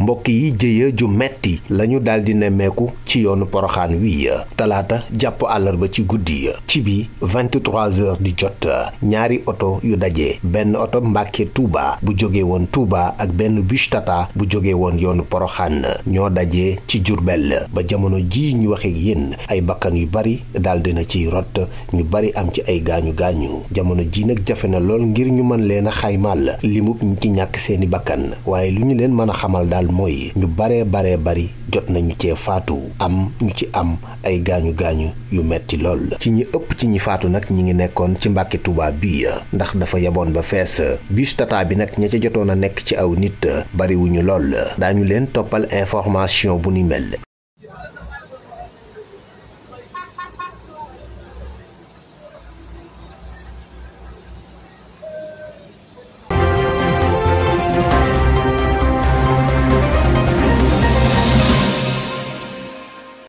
mbokk yi jëye ju metti lañu daldi nemmeeku ci yoonu poroxaan wi talaata jàpp àllarba ci guddi ci bi 23 heures di jot ñaari oto yu daje benn oto Mbàkke Touba bu jóge woon Touba ak benn bus Tata bu jóge woon yoonu poroxaan ñoo daje ci Jurbel ba jamono jii ñu waxe yéen ay bakkan yu bari daldi na ci rot ñu bari am ci ay gaañu gaañu jamono jii nag jafe na lool ngir ñu mën leen a xaymaal limub ñi ci ñàkk seeni bakkan waaye lu ñu leen mën a xamal daal mooy ñu baree baree bari jot nañu cee faatu am ñu ci am ay gaañu gaañu yu metti lool ci ñi ëpp ci ñi faatu nag ñi ngi nekkoon ci mbàkki Tuuba bi ndax dafa yeboon ba fees bus tata bi nag ña ca jotoon a nekk ci aw nit bariwuñu lool daañu leen toppal information bu ni mel